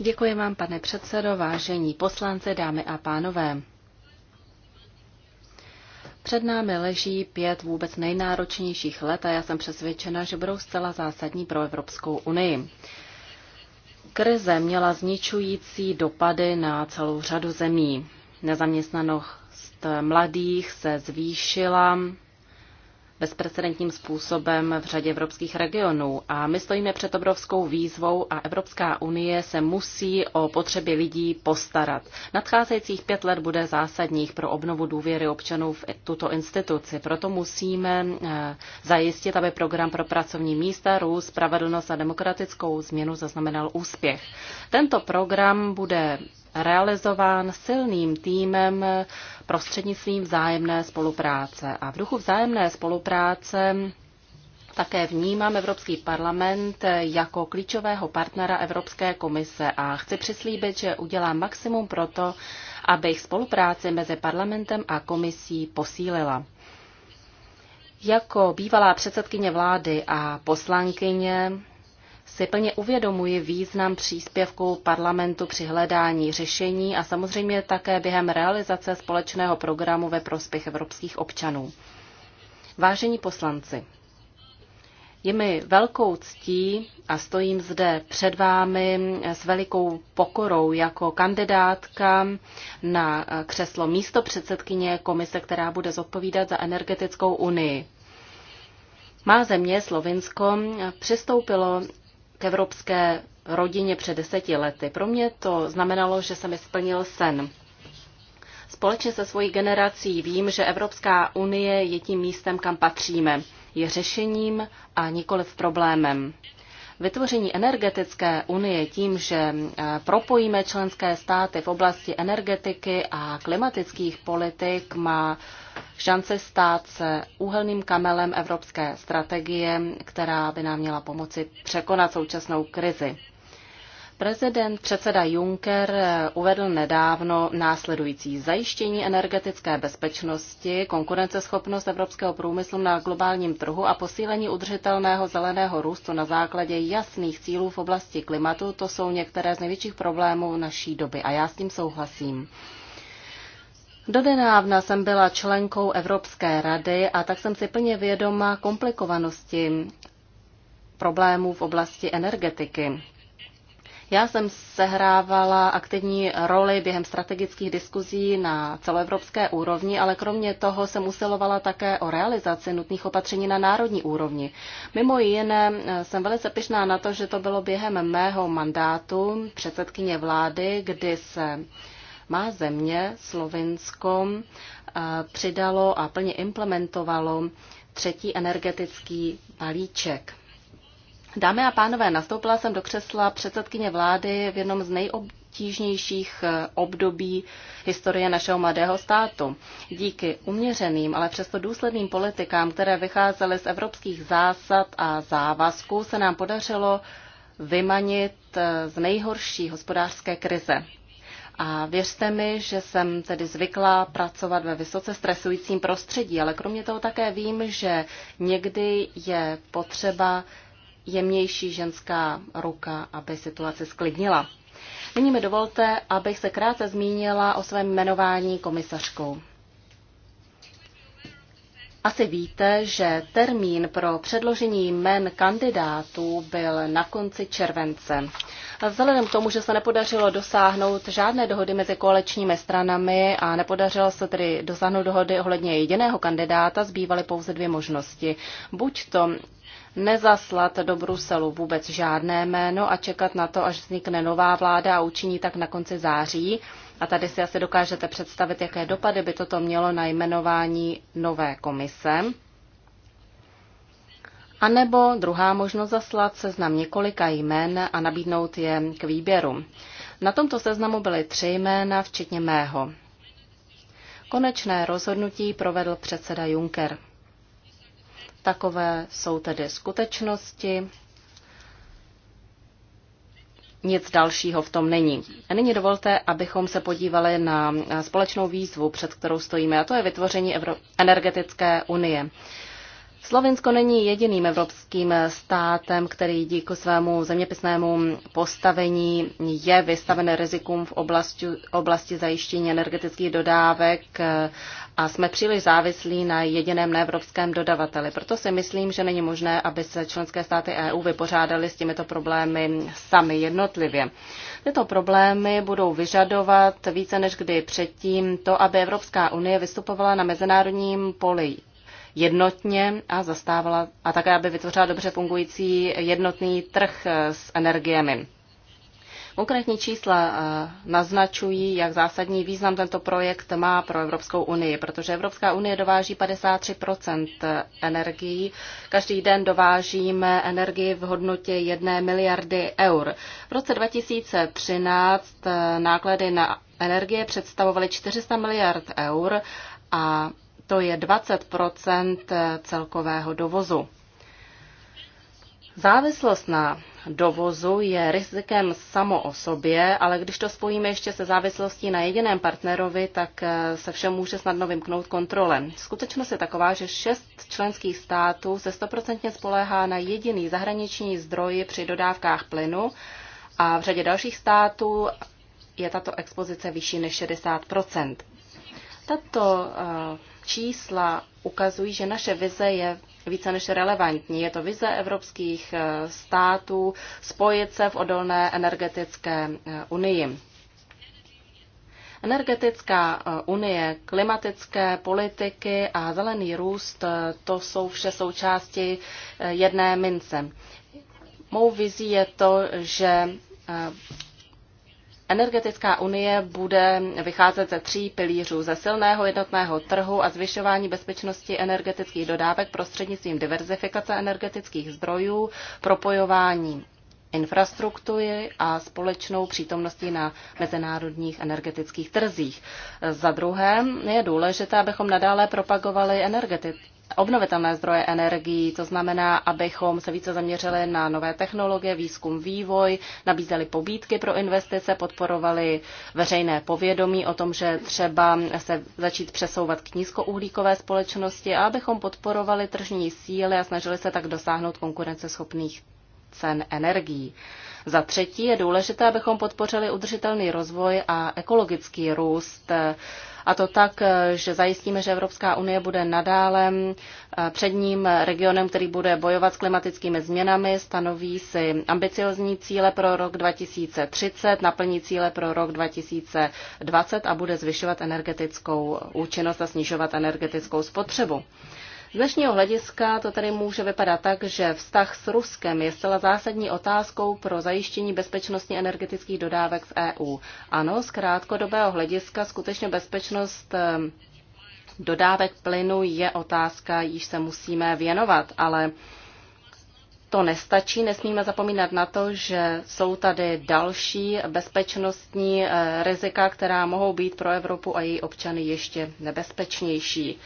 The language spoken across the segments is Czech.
Děkuji vám, pane předsedo, vážení poslanci, dámy a pánové. Před námi leží pět vůbec nejnáročnějších let a já jsem přesvědčena, že budou zcela zásadní pro Evropskou unii. Krize měla zničující dopady na celou řadu zemí. Nezaměstnanost mladých se zvýšila, bezprecedentním způsobem v řadě evropských regionů. A my stojíme před obrovskou výzvou a Evropská unie se musí o potřeby lidí postarat. Nadcházejících pět let bude zásadních pro obnovu důvěry občanů v tuto instituci. Proto musíme eh, zajistit, aby program pro pracovní místa, růst, spravedlnost a demokratickou změnu zaznamenal úspěch. Tento program bude realizován silným týmem prostřednictvím vzájemné spolupráce. A v duchu vzájemné spolupráce také vnímám Evropský parlament jako klíčového partnera Evropské komise a chci přislíbit, že udělám maximum pro to, abych spolupráci mezi parlamentem a komisí posílila. Jako bývalá předsedkyně vlády a poslankyně si plně uvědomuji význam příspěvku parlamentu při hledání řešení a samozřejmě také během realizace společného programu ve prospěch evropských občanů. Vážení poslanci, je mi velkou ctí a stojím zde před vámi s velikou pokorou jako kandidátka na křeslo místo předsedkyně komise, která bude zodpovídat za energetickou unii. Má země, Slovinsko, přistoupilo k evropské rodině před deseti lety. Pro mě to znamenalo, že se mi splnil sen. Společně se svojí generací vím, že Evropská unie je tím místem, kam patříme. Je řešením a nikoli problémem. Vytvoření energetické unie tím, že eh, propojíme členské státy v oblasti energetiky a klimatických politik, má šance stát se úhelným kamelem evropské strategie, která by nám měla pomoci překonat současnou krizi. Prezident předseda Juncker uvedl nedávno následující zajištění energetické bezpečnosti, konkurenceschopnost evropského průmyslu na globálním trhu a posílení udržitelného zeleného růstu na základě jasných cílů v oblasti klimatu. To jsou některé z největších problémů naší doby a já s tím souhlasím. Dodenávna jsem byla členkou Evropské rady a tak jsem si plně vědoma komplikovanosti problémů v oblasti energetiky. Já jsem sehrávala aktivní roli během strategických diskuzí na celoevropské úrovni, ale kromě toho jsem usilovala také o realizaci nutných opatření na národní úrovni. Mimo jiné eh, jsem velice pyšná na to, že to bylo během mého mandátu předsedkyně vlády, kdy se má země Slovinsko eh, přidalo a plně implementovalo třetí energetický balíček. Dámy a pánové, nastoupila jsem do křesla předsedkyně vlády v jednom z nejobtížnějších eh, období historie našeho mladého státu. Díky uměřeným, ale přesto důsledným politikám, které vycházely z evropských zásad a závazků, se nám podařilo vymanit eh, z nejhorší hospodářské krize. A věřte mi, že jsem tedy zvyklá pracovat ve vysoce stresujícím prostředí, ale kromě toho také vím, že někdy je potřeba jemnější ženská ruka, aby situace sklidnila. Nyní mi dovolte, abych se krátce zmínila o svém jmenování komisařkou. Asi víte, že termín pro předložení jmen kandidátů byl na konci července. Vzhledem k tomu, že se nepodařilo dosáhnout žádné dohody mezi kolečními stranami a nepodařilo se tedy dosáhnout dohody ohledně jediného kandidáta, zbývaly pouze dvě možnosti. Buď to nezaslat do Bruselu vůbec žádné jméno a čekat na to, až vznikne nová vláda a učiní tak na konci září. A tady si asi dokážete představit, jaké dopady by toto mělo na jmenování nové komise. A nebo druhá možnost zaslat seznam několika jmén a nabídnout je k výběru. Na tomto seznamu byly tři jména, včetně mého. Konečné rozhodnutí provedl předseda Juncker. Takové jsou tedy skutečnosti. Nic dalšího v tom není. A nyní dovolte, abychom se podívali na společnou výzvu, před kterou stojíme, a to je vytvoření Evro- energetické unie. Slovensko není jediným evropským státem, který díky svému zeměpisnému postavení je vystaven rizikům v oblasti, oblasti zajištění energetických dodávek a jsme příliš závislí na jediném neevropském dodavateli. Proto si myslím, že není možné, aby se členské státy EU vypořádaly s těmito problémy sami jednotlivě. Tyto problémy budou vyžadovat více než kdy předtím to, aby Evropská unie vystupovala na mezinárodním poli jednotně a zastávala a také, aby vytvořila dobře fungující jednotný trh eh, s energiemi. Konkrétní čísla eh, naznačují, jak zásadní význam tento projekt má pro Evropskou unii, protože Evropská unie dováží 53 eh, energií. Každý den dovážíme energii v hodnotě 1 miliardy eur. V roce 2013 náklady na energie představovaly 400 miliard eur a to je 20 celkového dovozu. Závislost na dovozu je rizikem samo o sobě, ale když to spojíme ještě se závislostí na jediném partnerovi, tak eh, se všem může snadno vymknout kontrole. Skutečnost je taková, že šest členských států se stoprocentně spoléhá na jediný zahraniční zdroj při dodávkách plynu a v řadě dalších států je tato expozice vyšší než 60 Tato eh, čísla ukazují, že naše vize je více než relevantní. Je to vize evropských eh, států spojit se v odolné energetické eh, unii. Energetická eh, unie, klimatické politiky a zelený růst, to jsou vše součásti jedné mince. Mou vizí je to, že Energetická unie bude vycházet ze tří pilířů, ze silného jednotného trhu a zvyšování bezpečnosti energetických dodávek prostřednictvím diverzifikace energetických zdrojů, propojování infrastruktury a společnou přítomností na mezinárodních energetických trzích. Za druhé je důležité, abychom nadále propagovali energetiku obnovitelné zdroje energií, to znamená, abychom se více zaměřili na nové technologie, výzkum, vývoj, nabízeli pobídky pro investice, podporovali veřejné povědomí o tom, že třeba se začít přesouvat k nízkouhlíkové společnosti a abychom podporovali tržní síly a snažili se tak dosáhnout konkurenceschopných cen energií. Za třetí je důležité, abychom podpořili udržitelný rozvoj a ekologický růst. A to tak, že zajistíme, že Evropská unie bude nadále eh, předním regionem, který bude bojovat s klimatickými změnami, stanoví si ambiciozní cíle pro rok 2030, naplní cíle pro rok 2020 a bude zvyšovat energetickou účinnost a snižovat energetickou spotřebu. Z dnešního hlediska to tady může vypadat tak, že vztah s Ruskem je zcela zásadní otázkou pro zajištění bezpečnosti energetických dodávek v EU. Ano, z krátkodobého hlediska skutečně bezpečnost ehm, dodávek plynu je otázka, již se musíme věnovat, ale to nestačí. Nesmíme zapomínat na to, že jsou tady další bezpečnostní eh, rizika, která mohou být pro Evropu a její občany ještě nebezpečnější.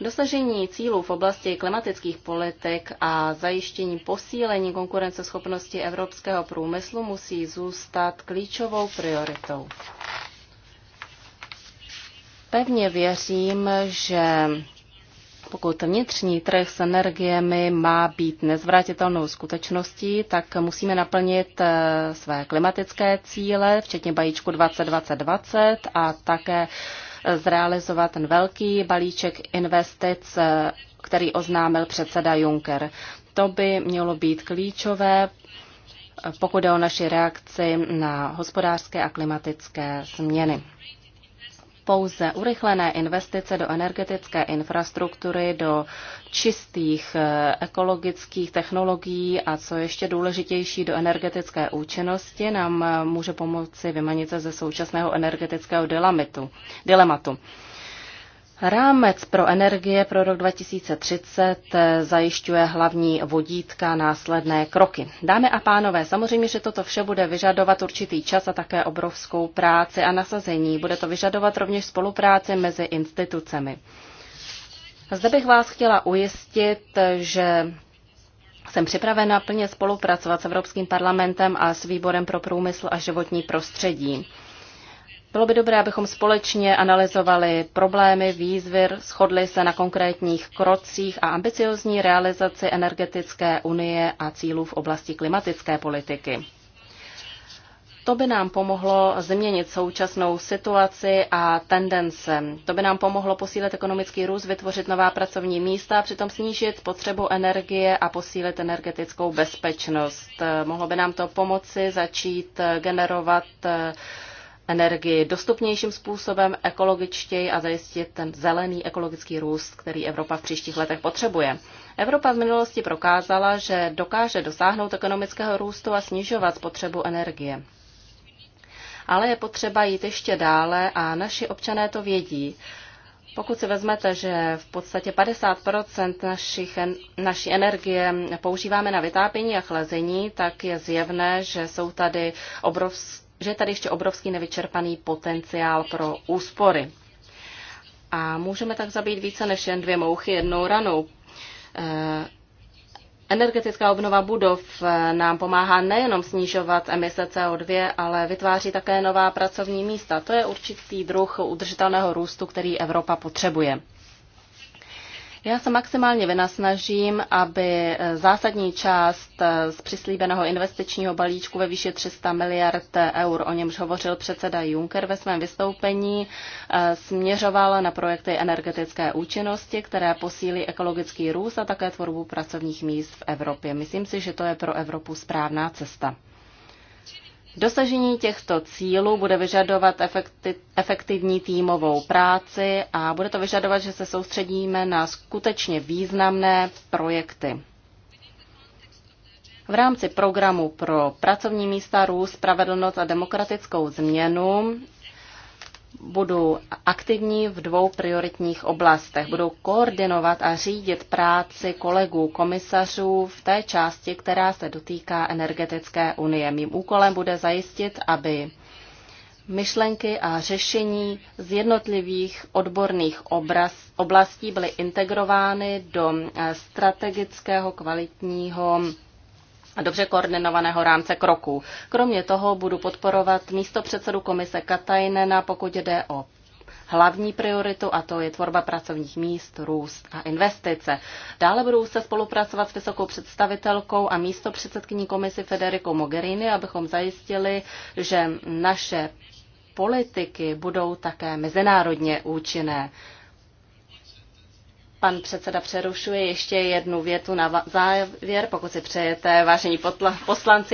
Dosažení cílů v oblasti klimatických politik a zajištění posílení konkurenceschopnosti evropského průmyslu musí zůstat klíčovou prioritou. Pevně věřím, že pokud vnitřní trh s energiemi má být nezvratitelnou skutečností, tak musíme naplnit eh, své klimatické cíle, včetně balíčku 2020 a také eh, zrealizovat ten velký balíček investic, eh, který oznámil předseda Juncker. To by mělo být klíčové, pokud jde o naši reakci na hospodářské a klimatické změny pouze urychlené investice do energetické infrastruktury, do čistých eh, ekologických technologií a co ještě důležitější do energetické účinnosti nám eh, může pomoci vymanit se ze současného energetického dilematu. Rámec pro energie pro rok 2030 eh, zajišťuje hlavní vodítka následné kroky. Dámy a pánové, samozřejmě, že toto vše bude vyžadovat určitý čas a také obrovskou práci a nasazení. Bude to vyžadovat rovněž spolupráci mezi institucemi. Zde bych vás chtěla ujistit, že jsem připravena plně spolupracovat s Evropským parlamentem a s Výborem pro průmysl a životní prostředí. Bylo by dobré, abychom společně analyzovali problémy, výzvy, shodli se na konkrétních krocích a ambiciozní realizaci energetické unie a cílů v oblasti klimatické politiky. To by nám pomohlo změnit současnou situaci a tendence. To by nám pomohlo posílit ekonomický růst, vytvořit nová pracovní místa, přitom snížit potřebu energie a posílit energetickou bezpečnost. Mohlo by nám to pomoci začít generovat energii dostupnějším způsobem, ekologičtěji a zajistit ten zelený ekologický růst, který Evropa v příštích letech potřebuje. Evropa v minulosti prokázala, že dokáže dosáhnout ekonomického růstu a snižovat spotřebu energie. Ale je potřeba jít ještě dále a naši občané to vědí. Pokud si vezmete, že v podstatě 50 našich, naší energie používáme na vytápění a chlazení, tak je zjevné, že jsou tady obrovské že je tady ještě obrovský nevyčerpaný potenciál pro úspory. A můžeme tak zabít více než jen dvě mouchy jednou ranou. Eh, energetická obnova budov eh, nám pomáhá nejenom snižovat emise CO2, ale vytváří také nová pracovní místa. To je určitý druh udržitelného růstu, který Evropa potřebuje. Já se maximálně vynasnažím, aby eh, zásadní část eh, z přislíbeného investičního balíčku ve výši 300 miliard eur, o němž hovořil předseda Juncker ve svém vystoupení, eh, směřovala na projekty energetické účinnosti, které posílí ekologický růst a také tvorbu pracovních míst v Evropě. Myslím si, že to je pro Evropu správná cesta. Dosažení těchto cílů bude vyžadovat efektivní týmovou práci a bude to vyžadovat, že se soustředíme na skutečně významné projekty. V rámci programu pro pracovní místa, růst, spravedlnost a demokratickou změnu budou aktivní v dvou prioritních oblastech. Budou koordinovat a řídit práci kolegů komisařů v té části, která se dotýká energetické unie. Mým úkolem bude zajistit, aby myšlenky a řešení z jednotlivých odborných obraz, oblastí byly integrovány do eh, strategického kvalitního a dobře koordinovaného rámce kroků. Kromě toho budu podporovat místo předsedu komise Katajnena, pokud jde o hlavní prioritu a to je tvorba pracovních míst, růst a investice. Dále budou se spolupracovat s vysokou představitelkou a místo předsedkyní komisy Federico Mogherini, abychom zajistili, že naše politiky budou také mezinárodně účinné. Pan předseda přerušuje ještě jednu větu na závěr, pokud si přejete, vážení poslanci.